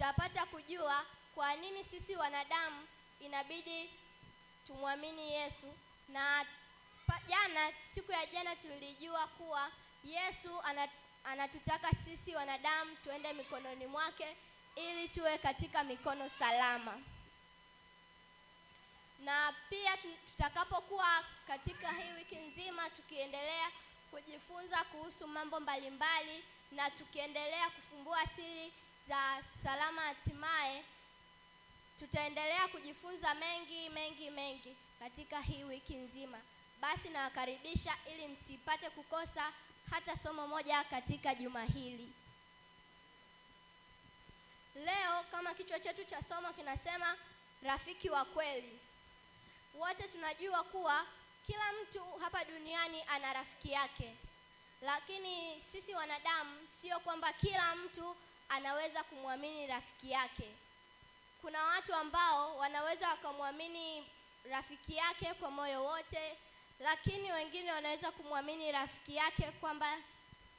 tutapata kujua kwa nini sisi wanadamu inabidi tumwamini Yesu. Na jana, siku ya jana, tulijua kuwa Yesu anatutaka sisi wanadamu tuende mikononi mwake ili tuwe katika mikono salama. Na pia tutakapokuwa katika hii wiki nzima tukiendelea kujifunza kuhusu mambo mbalimbali na tukiendelea kufumbua siri za salama. Hatimaye tutaendelea kujifunza mengi mengi mengi katika hii wiki nzima. Basi nawakaribisha ili msipate kukosa hata somo moja katika juma hili. Leo kama kichwa chetu cha somo kinasema rafiki wa kweli. Wote tunajua kuwa kila mtu hapa duniani ana rafiki yake, lakini sisi wanadamu sio kwamba kila mtu anaweza kumwamini rafiki yake. Kuna watu ambao wanaweza wakamwamini rafiki yake kwa moyo wote, lakini wengine wanaweza kumwamini rafiki yake kwamba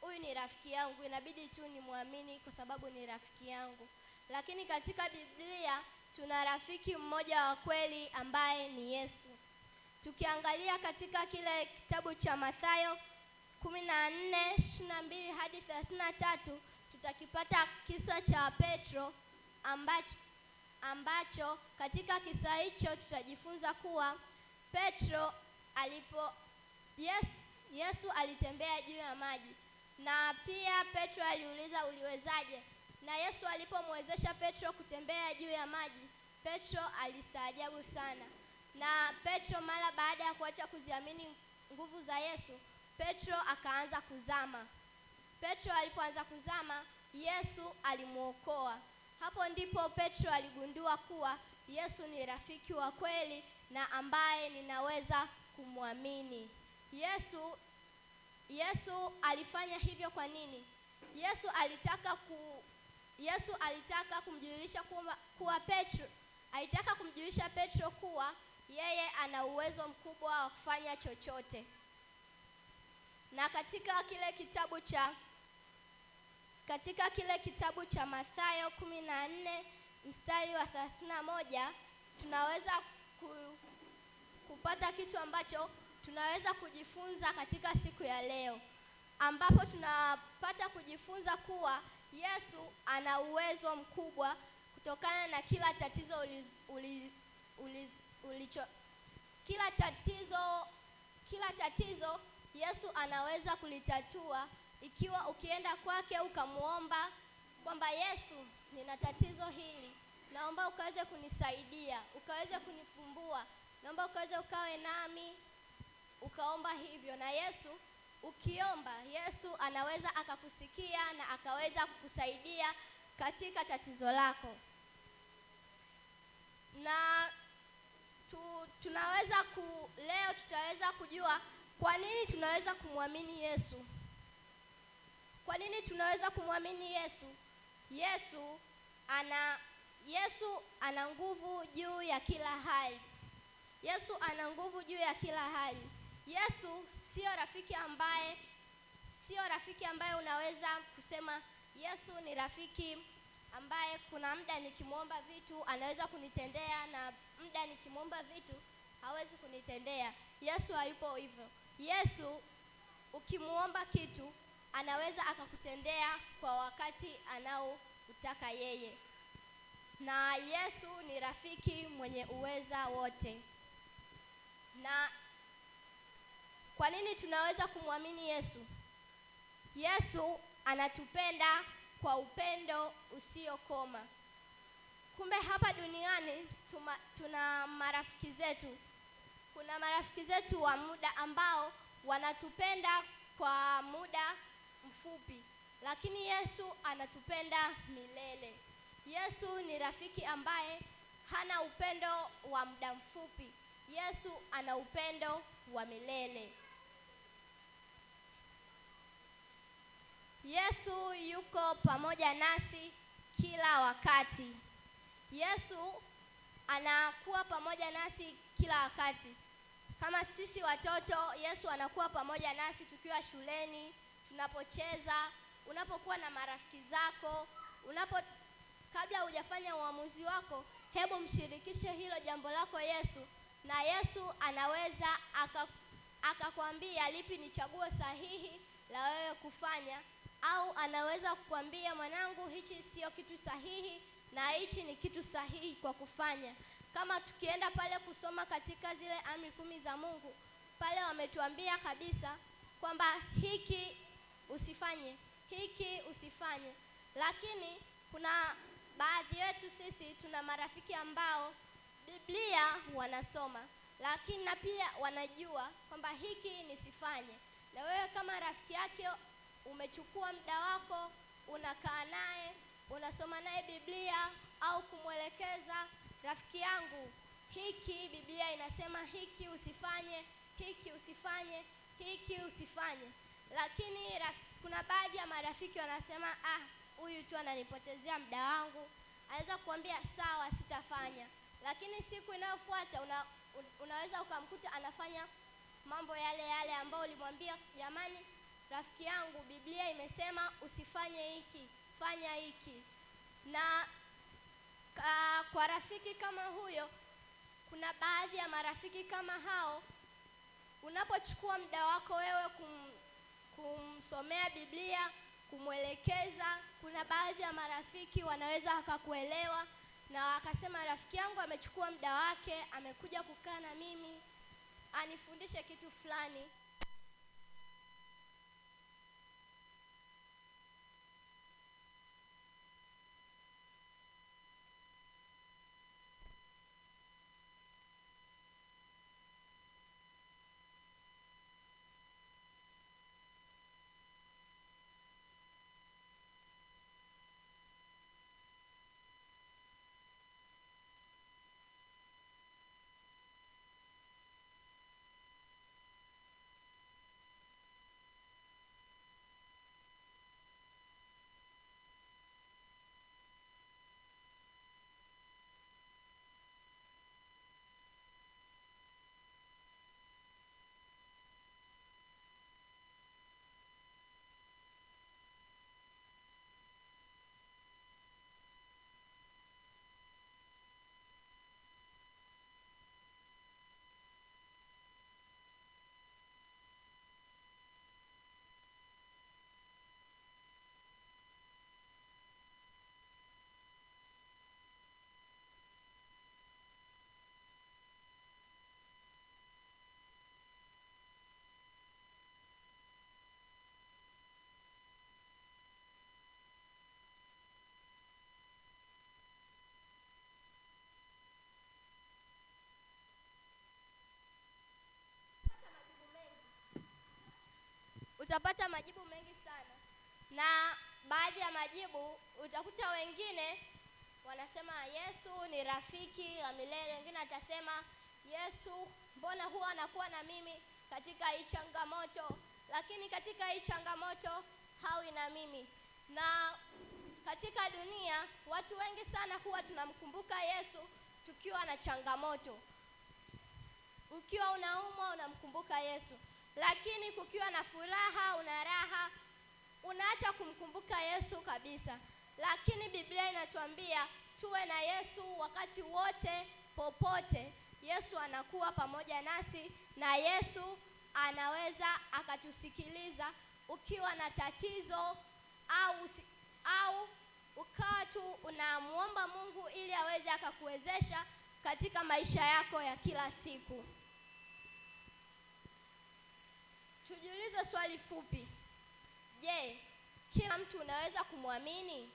huyu ni rafiki yangu, inabidi tu nimwamini kwa sababu ni rafiki yangu. Lakini katika Biblia tuna rafiki mmoja wa kweli ambaye ni Yesu. Tukiangalia katika kile kitabu cha Mathayo 14:22 hadi 33 tutakipata kisa cha Petro ambacho, ambacho katika kisa hicho tutajifunza kuwa Petro alipo Yesu, Yesu alitembea juu ya maji na pia Petro aliuliza uliwezaje? Na Yesu alipomwezesha Petro kutembea juu ya maji, Petro alistaajabu sana. Na Petro mara baada ya kuacha kuziamini nguvu za Yesu, Petro akaanza kuzama. Petro alipoanza kuzama, Yesu alimwokoa. Hapo ndipo Petro aligundua kuwa Yesu ni rafiki wa kweli na ambaye ninaweza kumwamini. Yesu Yesu alifanya hivyo kwa nini? Yesu alitaka ku Yesu alitaka kumjulisha kuwa, kuwa Petro alitaka kumjulisha Petro kuwa yeye ana uwezo mkubwa wa kufanya chochote. Na katika kile kitabu cha katika kile kitabu cha Mathayo kumi na nne mstari wa thelathini na moja tunaweza ku, kupata kitu ambacho tunaweza kujifunza katika siku ya leo, ambapo tunapata kujifunza kuwa Yesu ana uwezo mkubwa kutokana na kila tatizo uliz, uliz, uliz, ulicho, kila tatizo kila tatizo Yesu anaweza kulitatua ikiwa ukienda kwake ukamwomba kwamba Yesu, nina tatizo hili, naomba ukaweze kunisaidia, ukaweze kunifumbua, naomba ukaweze ukawe nami, ukaomba hivyo na Yesu ukiomba Yesu anaweza akakusikia na akaweza kukusaidia katika tatizo lako, na tu, tunaweza ku, leo tutaweza kujua kwa nini tunaweza kumwamini Yesu. Kwa nini tunaweza kumwamini Yesu? Yesu ana Yesu ana nguvu juu ya kila hali. Yesu ana nguvu juu ya kila hali. Yesu sio rafiki ambaye sio rafiki ambaye unaweza kusema Yesu ni rafiki ambaye kuna muda nikimwomba vitu anaweza kunitendea na muda nikimwomba vitu hawezi kunitendea. Yesu hayupo hivyo. Yesu ukimwomba kitu anaweza akakutendea kwa wakati anaoutaka yeye, na Yesu ni rafiki mwenye uweza wote. Na kwa nini tunaweza kumwamini Yesu? Yesu anatupenda kwa upendo usiokoma. Kumbe hapa duniani tuma, tuna marafiki zetu. Kuna marafiki zetu wa muda ambao wanatupenda kwa muda mfupi, lakini Yesu anatupenda milele. Yesu ni rafiki ambaye hana upendo wa muda mfupi. Yesu ana upendo wa milele. Yesu yuko pamoja nasi kila wakati. Yesu anakuwa pamoja nasi kila wakati. Kama sisi watoto, Yesu anakuwa pamoja nasi tukiwa shuleni, tunapocheza, unapokuwa na marafiki zako, unapo kabla hujafanya uamuzi wako, hebu mshirikishe hilo jambo lako Yesu, na Yesu anaweza akakwambia lipi ni chaguo sahihi la wewe kufanya, au anaweza kukwambia mwanangu, hichi sio kitu sahihi na hichi ni kitu sahihi kwa kufanya. Kama tukienda pale kusoma katika zile amri kumi za Mungu pale wametuambia kabisa kwamba hiki usifanye hiki, usifanye. Lakini kuna baadhi yetu sisi tuna marafiki ambao Biblia wanasoma, lakini na pia wanajua kwamba hiki nisifanye, na wewe kama rafiki yake umechukua muda wako, unakaa naye, unasoma naye Biblia au kumwelekeza rafiki yangu, hiki Biblia inasema hiki usifanye, hiki usifanye, hiki usifanye lakini raf, kuna baadhi ya marafiki wanasema ah, huyu tu ananipotezea muda wangu. Anaweza kuambia sawa, sitafanya, lakini siku inayofuata una, unaweza ukamkuta anafanya mambo yale yale ambayo ulimwambia, jamani, rafiki yangu, Biblia imesema usifanye hiki, fanya hiki. Na ka, kwa rafiki kama huyo, kuna baadhi ya marafiki kama hao, unapochukua muda wako wewe kum kumsomea Biblia, kumwelekeza. Kuna baadhi ya marafiki wanaweza wakakuelewa na akasema, rafiki yangu amechukua muda wake, amekuja kukaa na mimi anifundishe kitu fulani. utapata majibu mengi sana, na baadhi ya majibu utakuta wengine wanasema Yesu ni rafiki wa milele, wengine atasema Yesu mbona huwa anakuwa na mimi katika hii changamoto, lakini katika hii changamoto hawi na mimi. Na katika dunia watu wengi sana huwa tunamkumbuka Yesu tukiwa na changamoto. Ukiwa unaumwa unamkumbuka Yesu, lakini kukiwa na furaha, una raha, unaacha kumkumbuka Yesu kabisa. Lakini Biblia inatuambia tuwe na Yesu wakati wote, popote. Yesu anakuwa pamoja nasi na Yesu anaweza akatusikiliza ukiwa na tatizo au au ukawa tu unamwomba Mungu ili aweze akakuwezesha katika maisha yako ya kila siku. swali fupi. Je, kila mtu unaweza kumwamini?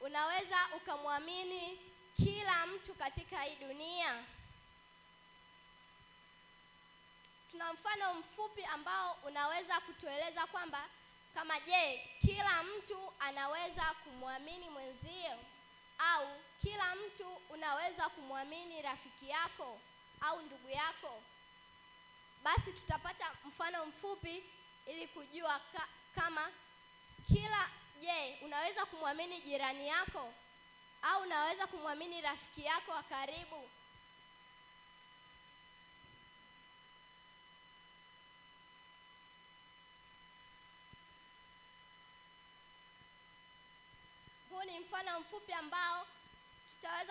Unaweza ukamwamini kila mtu katika hii dunia? Tuna mfano mfupi ambao unaweza kutueleza kwamba kama je, kila mtu anaweza kumwamini mwenzio au kila mtu unaweza kumwamini rafiki yako au ndugu yako? Basi tutapata mfano mfupi ili kujua ka, kama kila je, unaweza kumwamini jirani yako au unaweza kumwamini rafiki yako wa karibu? Huu ni mfano mfupi ambao tutaweza